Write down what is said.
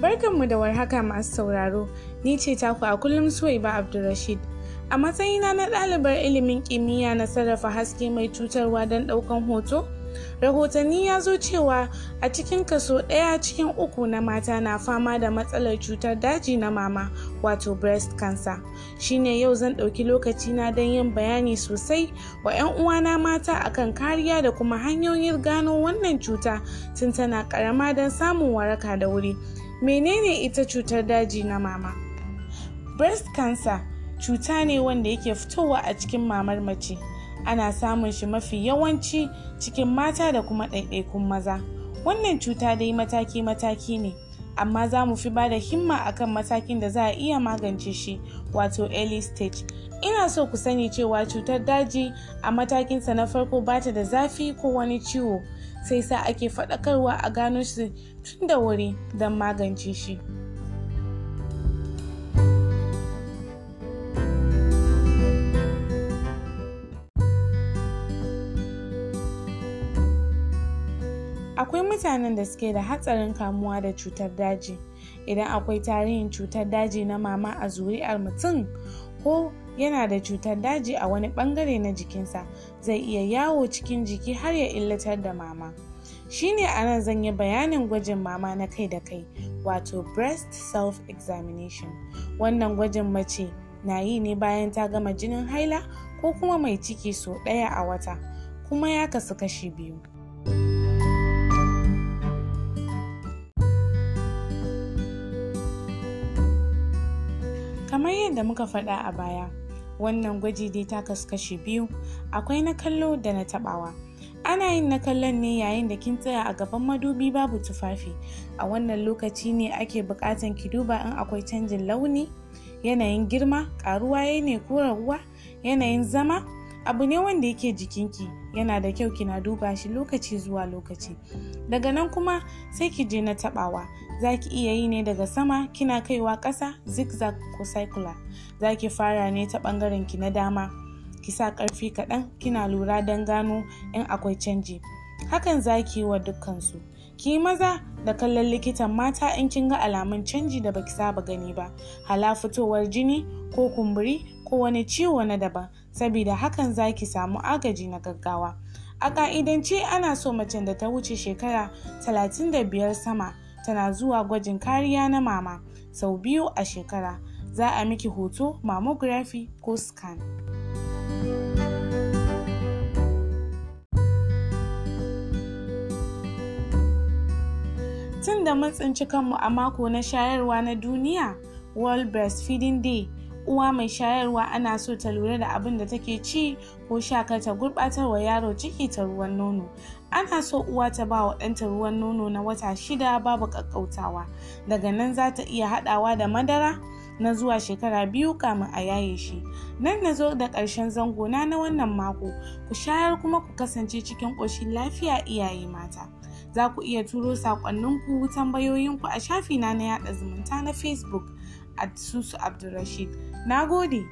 Barkanmu da warhaka masu sauraro, ni ce taku a kullum ba Abdulrashid. A matsayina na ɗalibar ilimin kimiyya na sarrafa haske mai cutarwa don ɗaukan hoto, rahotanni ya zo cewa a cikin kaso ɗaya cikin uku na mata na fama da matsalar cutar daji na mama wato breast cancer shine yau zan ɗauki lokaci na don yin bayani sosai wa 'yan uwana mata akan kariya da kuma hanyoyin gano wannan cuta tun tana ƙarama don samun waraka da wuri menene ita cutar daji na mama breast cancer cuta ne wanda yake fitowa a cikin mamar mace ana samun shi mafi yawanci cikin mata da kuma ɗaiɗaikun maza wannan cuta dai mataki-mataki ne amma za mu fi ba da himma akan matakin da za a iya magance shi wato early stage ina so ku sani cewa cutar daji a matakinsa na farko bata da zafi ko wani ciwo sai sa ake faɗakarwa a gano shi tun da wuri don magance shi. akwai mutanen da suke da hatsarin kamuwa da cutar daji idan akwai tarihin cutar daji na mama a zuri'ar mutum ko yana da cutar daji a wani bangare na jikinsa zai iya yawo cikin jiki har ya illatar da mama shine a nan zan yi bayanin gwajin mama na kai da kai wato breast self examination wannan gwajin mace na yi ne bayan ta gama jinin haila ko kuma mai ciki sau ɗaya a wata kuma ya kasu kashi biyu kamar yadda muka faɗa a baya wannan gwaji dai ta kaskashe biyu akwai na kallo da na taɓawa. ana yin na kallon ne yayin da kin tsaya a gaban madubi babu tufafi a wannan lokaci ne ake bukatan ki duba in akwai canjin launi yanayin girma Ƙaruwa ya ne ko raguwa yanayin zama abu ne wanda yake jikinki yana da kyau kina duba shi lokaci zuwa lokaci daga nan kuma sai ki je na taɓawa. za ki iya yi ne daga sama kina kaiwa ƙasa zigzag ko circular za ki fara ne ta ɓangaren ki na dama ki sa ƙarfi kaɗan kina lura don gano in akwai canji hakan za ki yi wa dukkansu ki maza da kallon likitan mata in kin ga alamun canji da baki saba gani ba hala fitowar jini ko kumburi ko wani ciwo na daban saboda hakan za ki samu agaji na gaggawa a ƙa'idance ana so macen da ta wuce shekara 35 sama tana zuwa gwajin kariya na mama sau biyu a shekara za a miki hoto mammography ko scan tun da mun tsinci a mako na shayarwa na duniya world breastfeeding day uwa mai shayarwa ana so ta lura da abin da take ci ko shakar ta gurɓatar wa yaro ciki ta ruwan nono ana so uwa ta ba wa ɗanta ruwan nono na wata shida babu ƙaƙƙautawa daga nan za ta iya haɗawa da madara na zuwa shekara biyu kamin a yaye shi nan na zo da ƙarshen zango na wannan mako ku shayar kuma ku kasance cikin ƙoshin lafiya iyaye mata za ku iya turo saƙonninku tambayoyinku a shafina na yaɗa zumunta na facebook at susu abdulrashid Na gode.